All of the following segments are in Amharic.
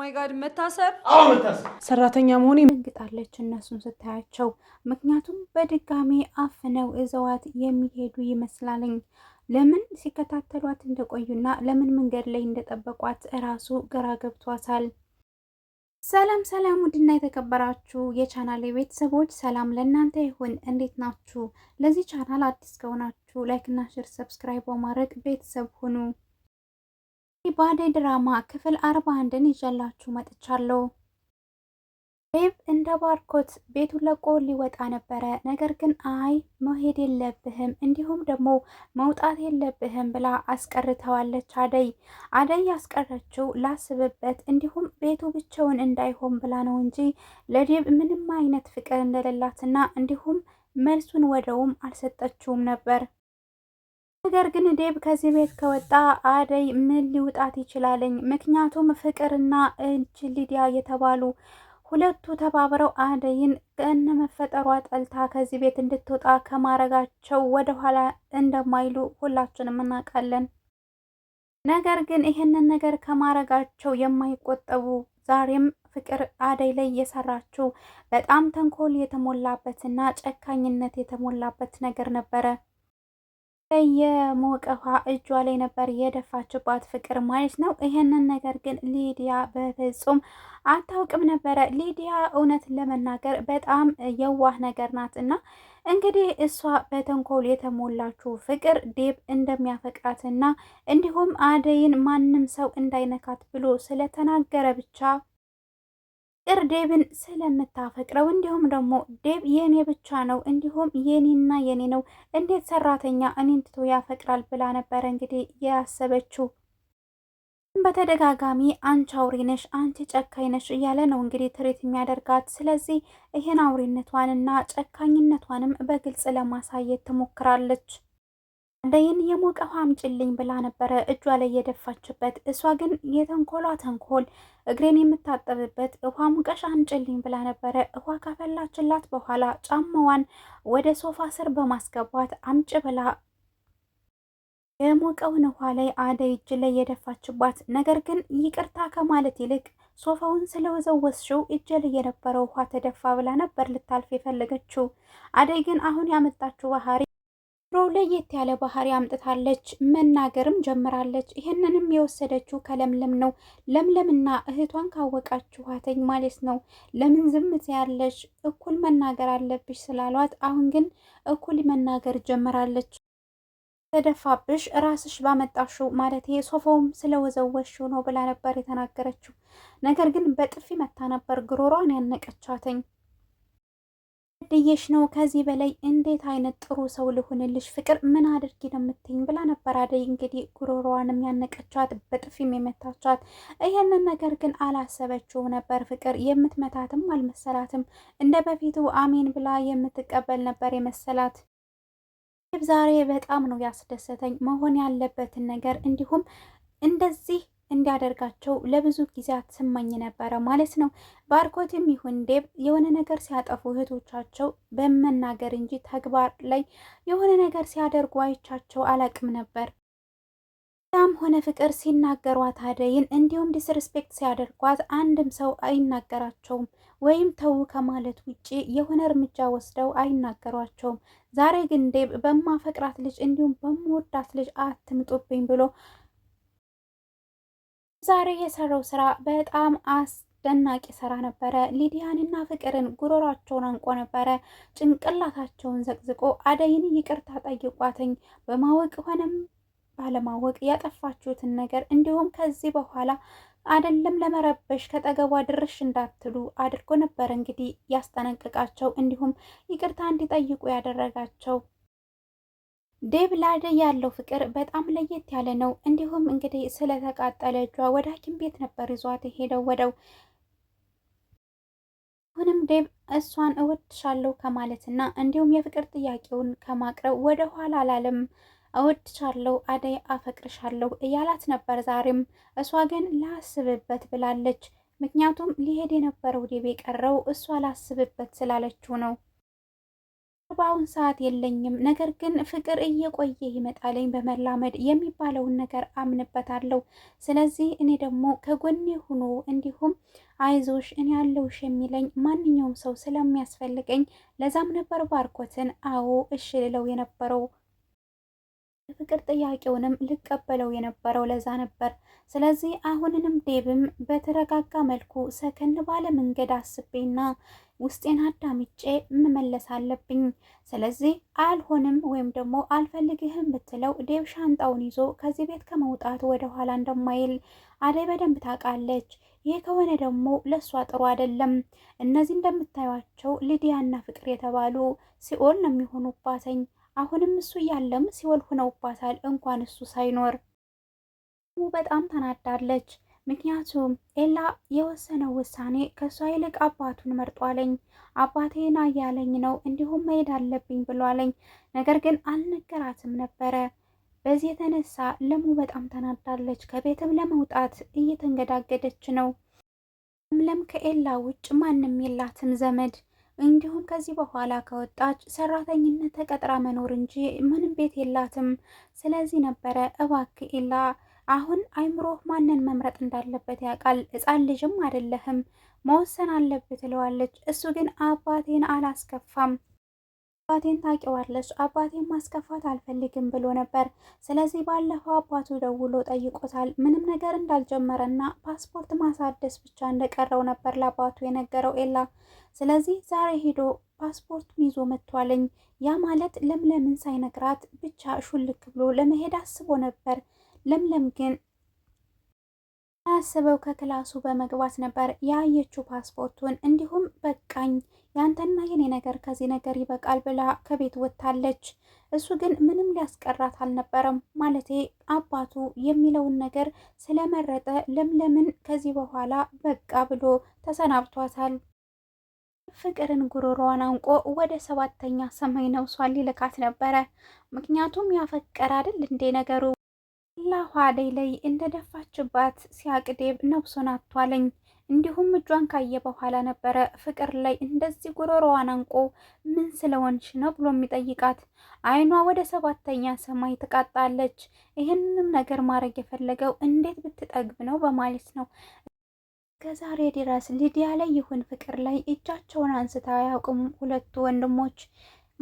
ማይ ጋር መታሰር፣ አዎ መታሰር፣ ሰራተኛ መሆኔ መንግጣለች እነሱን ስታያቸው። ምክንያቱም በድጋሚ አፍነው እዘዋት የሚሄዱ ይመስላልኝ። ለምን ሲከታተሏት እንደቆዩና ለምን መንገድ ላይ እንደጠበቋት እራሱ ግራ ገብቷታል። ሰላም ሰላም፣ ውድና የተከበራችሁ የቻናል ቤተሰቦች ሰላም ለእናንተ ይሁን። እንዴት ናችሁ? ለዚህ ቻናል አዲስ ከሆናችሁ ላይክና ሽር፣ ሰብስክራይብ በማድረግ ቤተሰብ ሁኑ። ባደይ ድራማ ክፍል አርባ አንድን ይዤላችሁ መጥቻለሁ። ዴቭ እንደ ባርኮት ቤቱን ለቆ ሊወጣ ነበረ። ነገር ግን አይ መሄድ የለብህም እንዲሁም ደግሞ መውጣት የለብህም ብላ አስቀርተዋለች። አደይ አደይ ያስቀረችው ላስብበት፣ እንዲሁም ቤቱ ብቻውን እንዳይሆን ብላ ነው እንጂ ለዴቭ ምንም አይነት ፍቅር እንደሌላትና እንዲሁም መልሱን ወደውም አልሰጠችውም ነበር። ነገር ግን ዴብ ከዚህ ቤት ከወጣ አደይ ምን ሊውጣት ይችላለኝ? ምክንያቱም ፍቅርና እጅ ሊዲያ የተባሉ ሁለቱ ተባብረው አደይን እነ መፈጠሯ ጠልታ ከዚህ ቤት እንድትወጣ ከማረጋቸው ወደኋላ እንደማይሉ ሁላችንም እናውቃለን። ነገር ግን ይህንን ነገር ከማረጋቸው የማይቆጠቡ ዛሬም ፍቅር አደይ ላይ የሰራችው በጣም ተንኮል የተሞላበትና ጨካኝነት የተሞላበት ነገር ነበረ። የሞቀፋ የሞቀ እጇ ላይ ነበር የደፋችባት ፍቅር ማለት ነው። ይህንን ነገር ግን ሊዲያ በፍጹም አታውቅም ነበረ። ሊዲያ እውነት ለመናገር በጣም የዋህ ነገር ናት እና እንግዲህ እሷ በተንኮል የተሞላችው ፍቅር ዴብ እንደሚያፈቅራትና እንዲሁም አደይን ማንም ሰው እንዳይነካት ብሎ ስለተናገረ ብቻ ፍቅር ዴብን ስለምታፈቅረው እንዲሁም ደግሞ ዴብ የኔ ብቻ ነው እንዲሁም የኔና የኔ ነው እንዴት ሰራተኛ እኔን ትቶ ያፈቅራል ብላ ነበረ እንግዲህ ያሰበችው። በተደጋጋሚ አንቺ አውሬ ነሽ፣ አንቺ ጨካኝ ነሽ እያለ ነው እንግዲህ ትሬት የሚያደርጋት። ስለዚህ ይህን አውሬነቷንና ጨካኝነቷንም በግልጽ ለማሳየት ትሞክራለች። አደይን የሞቀ ውሃ አምጪልኝ ብላ ነበረ እጇ ላይ የደፋችበት። እሷ ግን የተንኮሏ ተንኮል እግሬን የምታጠብበት ውሃ ሙቀሻ አምጪልኝ ብላ ነበረ። ውሃ ካፈላችላት በኋላ ጫማዋን ወደ ሶፋ ስር በማስገባት አምጭ ብላ የሞቀውን ውሃ ላይ አደይ እጅ ላይ የደፋችባት። ነገር ግን ይቅርታ ከማለት ይልቅ ሶፋውን ስለወዘወዝሽው እጅ ላይ የነበረው ውሃ ተደፋ ብላ ነበር ልታልፍ የፈለገችው። አደይ ግን አሁን ያመጣችው ባህሪ ሮው ለየት ያለ ባህሪ አምጥታለች፣ መናገርም ጀምራለች። ይህንንም የወሰደችው ከለምለም ነው። ለምለምና እህቷን ካወቃችኋተኝ ማለት ነው። ለምን ዝም ትያለሽ? እኩል መናገር አለብሽ ስላሏት፣ አሁን ግን እኩል መናገር ጀምራለች። ተደፋብሽ ራስሽ ባመጣሽው ማለት ሶፋውም ስለወዘወሽው ነው ብላ ነበር የተናገረችው። ነገር ግን በጥፊ መታ ነበር፣ ግሮሯን ያነቀቻተኝ በድዬሽ ነው። ከዚህ በላይ እንዴት አይነት ጥሩ ሰው ልሆንልሽ ፍቅር ምን አድርጊ ነው የምትኝ ብላ ነበር አደይ እንግዲህ ጉሮሮዋንም ያነቀቻት በጥፊም የመታቻት። ይህንን ነገር ግን አላሰበችው ነበር ፍቅር የምትመታትም አልመሰላትም። እንደ በፊቱ አሜን ብላ የምትቀበል ነበር የመሰላት። ዛሬ በጣም ነው ያስደሰተኝ መሆን ያለበትን ነገር እንዲሁም እንደዚህ እንዲያደርጋቸው ለብዙ ጊዜያት ስመኝ ነበረ ማለት ነው። ባርኮትም ይሁን ዴብ የሆነ ነገር ሲያጠፉ እህቶቻቸው በመናገር እንጂ ተግባር ላይ የሆነ ነገር ሲያደርጉ አይቻቸው አላቅም ነበር። ያም ሆነ ፍቅር ሲናገሯት አደይን እንዲሁም ዲስሪስፔክት ሲያደርጓት አንድም ሰው አይናገራቸውም ወይም ተዉ ከማለት ውጭ የሆነ እርምጃ ወስደው አይናገሯቸውም። ዛሬ ግን ዴብ በማፈቅራት ልጅ እንዲሁም በምወዳት ልጅ አትምጡብኝ ብሎ ዛሬ የሰራው ስራ በጣም አስደናቂ ስራ ነበረ። ሊዲያንና ፍቅርን ጉሮሯቸውን አንቆ ነበረ፣ ጭንቅላታቸውን ዘቅዝቆ አደይን ይቅርታ ጠይቋትኝ በማወቅ ሆነም ባለማወቅ ያጠፋችሁትን ነገር እንዲሁም ከዚህ በኋላ አይደለም ለመረበሽ ከጠገቧ ድርሽ እንዳትሉ አድርጎ ነበረ እንግዲህ ያስጠነቅቃቸው እንዲሁም ይቅርታ እንዲጠይቁ ያደረጋቸው ዴብ ላደ ያለው ፍቅር በጣም ለየት ያለ ነው። እንዲሁም እንግዲህ ስለተቃጠለ እጇ ወደ ሐኪም ቤት ነበር ይዟት ሄደው ወደው አሁንም ዴብ እሷን እወድሻለሁ ከማለትና እንዲሁም የፍቅር ጥያቄውን ከማቅረብ ወደ ኋላ አላለም። እወድሻለሁ አደይ፣ አፈቅርሻለሁ እያላት ነበር ዛሬም። እሷ ግን ላስብበት ብላለች። ምክንያቱም ሊሄድ የነበረው ዴብ የቀረው እሷ ላስብበት ስላለችው ነው። በአሁን ሰዓት የለኝም፣ ነገር ግን ፍቅር እየቆየ ይመጣለኝ በመላመድ የሚባለውን ነገር አምንበታለሁ። ስለዚህ እኔ ደግሞ ከጎኔ ሆኖ እንዲሁም አይዞሽ እኔ ያለውሽ የሚለኝ ማንኛውም ሰው ስለሚያስፈልገኝ ለዛም ነበር ባርኮትን አዎ እሽ ልለው የነበረው የፍቅር ጥያቄውንም ልቀበለው የነበረው ለዛ ነበር። ስለዚህ አሁንንም ዴብም በተረጋጋ መልኩ ሰከን ባለ መንገድ አስቤና ውስጤን አዳምጬ መመለስ አለብኝ። ስለዚህ አልሆንም ወይም ደግሞ አልፈልግህም ብትለው ዴብ ሻንጣውን ይዞ ከዚህ ቤት ከመውጣት ወደ ኋላ እንደማይል አደይ በደንብ ታውቃለች። ይህ ከሆነ ደግሞ ለእሷ ጥሩ አይደለም። እነዚህ እንደምታዩቸው ልዲያና ፍቅር የተባሉ ሲኦል ነው የሚሆኑባትኝ። አሁንም እሱ እያለም ሲኦል ሆነውባታል እንኳን እሱ ሳይኖር በጣም ተናዳለች። ምክንያቱም ኤላ የወሰነው ውሳኔ ከእሷ ይልቅ አባቱን መርጧለኝ። አባቴና እያለኝ ነው እንዲሁም መሄድ አለብኝ ብሏለኝ። ነገር ግን አልነገራትም ነበረ። በዚህ የተነሳ ለሙ በጣም ተናዳለች። ከቤትም ለመውጣት እየተንገዳገደች ነው። ለምለም ከኤላ ውጭ ማንም የላትም ዘመድ። እንዲሁም ከዚህ በኋላ ከወጣች ሰራተኝነት ተቀጥራ መኖር እንጂ ምንም ቤት የላትም። ስለዚህ ነበረ እባክ ኤላ አሁን አይምሮህ ማንን መምረጥ እንዳለበት ያውቃል። ህፃን ልጅም አይደለህም መወሰን አለብህ ትለዋለች። እሱ ግን አባቴን አላስከፋም፣ አባቴን ታውቂዋለች፣ አባቴን ማስከፋት አልፈልግም ብሎ ነበር። ስለዚህ ባለፈው አባቱ ደውሎ ጠይቆታል። ምንም ነገር እንዳልጀመረና ፓስፖርት ማሳደስ ብቻ እንደቀረው ነበር ለአባቱ የነገረው ኤላ። ስለዚህ ዛሬ ሄዶ ፓስፖርቱን ይዞ መጥቷለኝ። ያ ማለት ለምለምን ሳይነግራት ብቻ ሹልክ ብሎ ለመሄድ አስቦ ነበር ለምለም ግን አስበው ከክላሱ በመግባት ነበር ያየችው ፓስፖርቱን። እንዲሁም በቃኝ ያንተና የኔ ነገር ከዚህ ነገር ይበቃል ብላ ከቤት ወጥታለች። እሱ ግን ምንም ሊያስቀራት አልነበረም። ማለቴ አባቱ የሚለውን ነገር ስለመረጠ ለምለምን ከዚህ በኋላ በቃ ብሎ ተሰናብቷታል። ፍቅርን ጉሮሮዋን አንቆ ወደ ሰባተኛ ሰማይ ነው ነውሷል ሊልካት ነበረ። ምክንያቱም ያፈቀረ አይደል እንዴ ነገሩ አላሁ አደይ ላይ እንደደፋችባት ሲያቅዴብ ነብሱን አቷለኝ። እንዲሁም እጇን ካየ በኋላ ነበረ ፍቅር ላይ እንደዚህ ጉሮሮዋን አንቆ ምን ስለሆንሽ ነው ብሎ የሚጠይቃት። አይኗ ወደ ሰባተኛ ሰማይ ትቃጣለች። ይህንንም ነገር ማድረግ የፈለገው እንዴት ብትጠግብ ነው በማለት ነው። ከዛሬ ድረስ ሊዲያ ላይ ይሁን ፍቅር ላይ እጃቸውን አንስታ አያውቅም ሁለቱ ወንድሞች።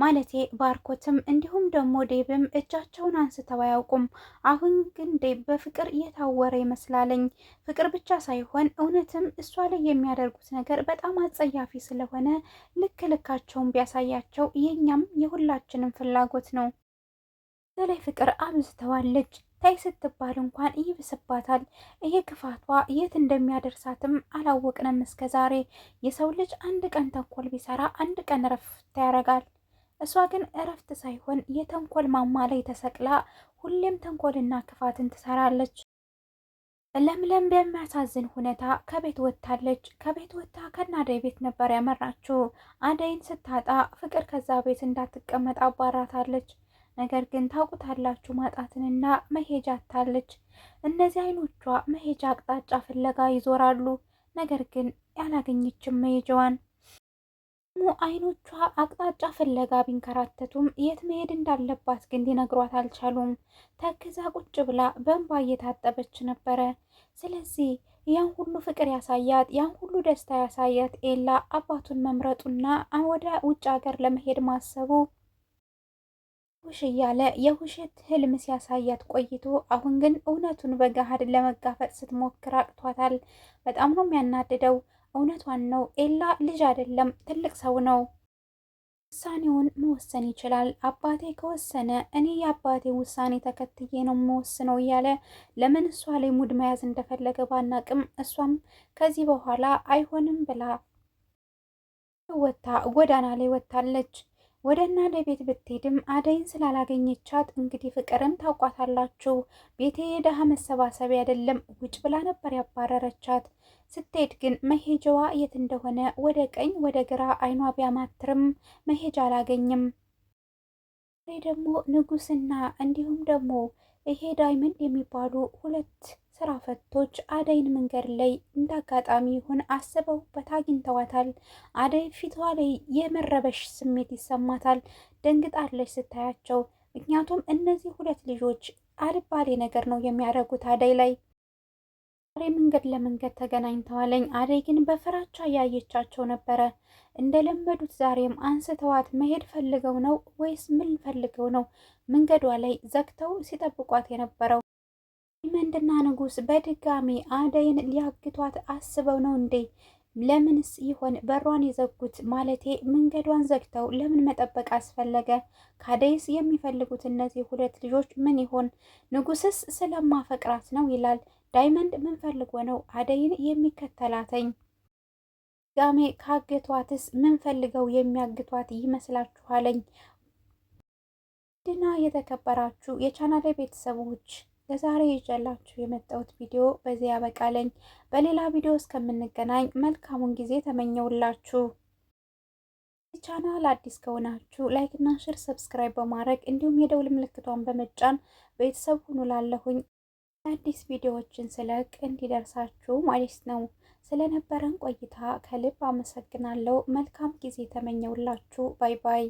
ማለቴ ባርኮትም እንዲሁም ደግሞ ዴብም እጃቸውን አንስተው አያውቁም። አሁን ግን ዴብ በፍቅር እየታወረ ይመስላለኝ። ፍቅር ብቻ ሳይሆን እውነትም እሷ ላይ የሚያደርጉት ነገር በጣም አጸያፊ ስለሆነ ልክ ልካቸውን ቢያሳያቸው የእኛም የሁላችንም ፍላጎት ነው። በተለይ ፍቅር አብዝተዋለች። ታይ ስትባል እንኳን ይብስባታል። ይሄ ክፋቷ የት እንደሚያደርሳትም አላወቅንም እስከ ዛሬ። የሰው ልጅ አንድ ቀን ተኮል ቢሰራ አንድ ቀን ረፍት ያደርጋል። እሷ ግን እረፍት ሳይሆን የተንኮል ማማ ላይ ተሰቅላ ሁሌም ተንኮልና ክፋትን ትሰራለች። ለምለም በሚያሳዝን ሁኔታ ከቤት ወጥታለች። ከቤት ወጥታ ከነ አደይ ቤት ነበር ያመራችው። አደይን ስታጣ ፍቅር ከዛ ቤት እንዳትቀመጥ አባራታለች። ነገር ግን ታውቁታላችሁ ማጣትንና መሄጃ አታለች። እነዚህ አይኖቿ መሄጃ አቅጣጫ ፍለጋ ይዞራሉ። ነገር ግን ያላገኘችም መሄጃዋን ደግሞ አይኖቿ አቅጣጫ ፍለጋ ቢንከራተቱም የት መሄድ እንዳለባት ግን ሊነግሯት አልቻሉም። ተክዛ ቁጭ ብላ በእንባ እየታጠበች ነበረ። ስለዚህ ያን ሁሉ ፍቅር ያሳያት ያን ሁሉ ደስታ ያሳያት ኤላ አባቱን መምረጡና ወደ ውጭ ሀገር ለመሄድ ማሰቡ ውሽ እያለ የውሸት ህልም ሲያሳያት ቆይቶ አሁን ግን እውነቱን በገሃድ ለመጋፈጥ ስትሞክር አቅቷታል። በጣም ነው የሚያናድደው። እውነቷን ነው። ኤላ ልጅ አይደለም ትልቅ ሰው ነው። ውሳኔውን መወሰን ይችላል። አባቴ ከወሰነ እኔ የአባቴ ውሳኔ ተከትዬ ነው መወስነው እያለ ለምን እሷ ላይ ሙድ መያዝ እንደፈለገ ባናቅም እሷም ከዚህ በኋላ አይሆንም ብላ ወታ ጎዳና ላይ ወታለች። ወደ እና ለቤት ብትሄድም አደይን ስላላገኘቻት እንግዲህ ፍቅርን ታውቋታላችሁ። ቤቴ የድሃ መሰባሰብ አይደለም ውጭ ብላ ነበር ያባረረቻት። ስትሄድ ግን መሄጃዋ የት እንደሆነ ወደ ቀኝ ወደ ግራ አይኗ ቢያማትርም መሄጃ አላገኝም። ደግሞ ንጉስና እንዲሁም ደግሞ ይሄ ዳይመንድ የሚባሉ ሁለት ስራ ፈቶች አደይን መንገድ ላይ እንዳጋጣሚ ይሁን አስበውበት አግኝተዋታል። አደይ ፊቷ ላይ የመረበሽ ስሜት ይሰማታል። ደንግጣለች ስታያቸው። ምክንያቱም እነዚህ ሁለት ልጆች አልባሌ ነገር ነው የሚያደርጉት አደይ ላይ ዛሬ መንገድ ለመንገድ ተገናኝተዋለኝ። አደይ ግን በፍራቻ እያየቻቸው ነበረ። እንደለመዱት ዛሬም አንስተዋት መሄድ ፈልገው ነው ወይስ ምን ፈልገው ነው መንገዷ ላይ ዘግተው ሲጠብቋት የነበረው? ዳይመንድና ንጉስ በድጋሚ አደይን ሊያግቷት አስበው ነው እንዴ? ለምንስ ይሆን በሯን የዘጉት? ማለቴ መንገዷን ዘግተው ለምን መጠበቅ አስፈለገ? ካደይስ የሚፈልጉት እነዚህ ሁለት ልጆች ምን ይሆን? ንጉስስ ስለማፈቅራት ነው ይላል። ዳይመንድ ምን ፈልጎ ነው አደይን የሚከተላተኝ? ድጋሜ ካገቷትስ ምን ፈልገው የሚያግቷት ይመስላችኋለኝ? ድና የተከበራችሁ የቻናሌ ቤተሰቦች ለዛሬ ይዤላችሁ የመጣሁት ቪዲዮ በዚህ ያበቃለኝ። በሌላ ቪዲዮ እስከምንገናኝ መልካሙን ጊዜ ተመኘውላችሁ። ቻናል አዲስ ከሆናችሁ ላይክ እና ሼር ሰብስክራይብ በማድረግ እንዲሁም የደውል ምልክቷን በመጫን ቤተሰብ ሁኑ። ላለሁኝ አዲስ ቪዲዮዎችን ስለቅ እንዲደርሳችሁ ማለት ነው። ስለነበረን ቆይታ ከልብ አመሰግናለሁ። መልካም ጊዜ ተመኘውላችሁ። ባይ ባይ።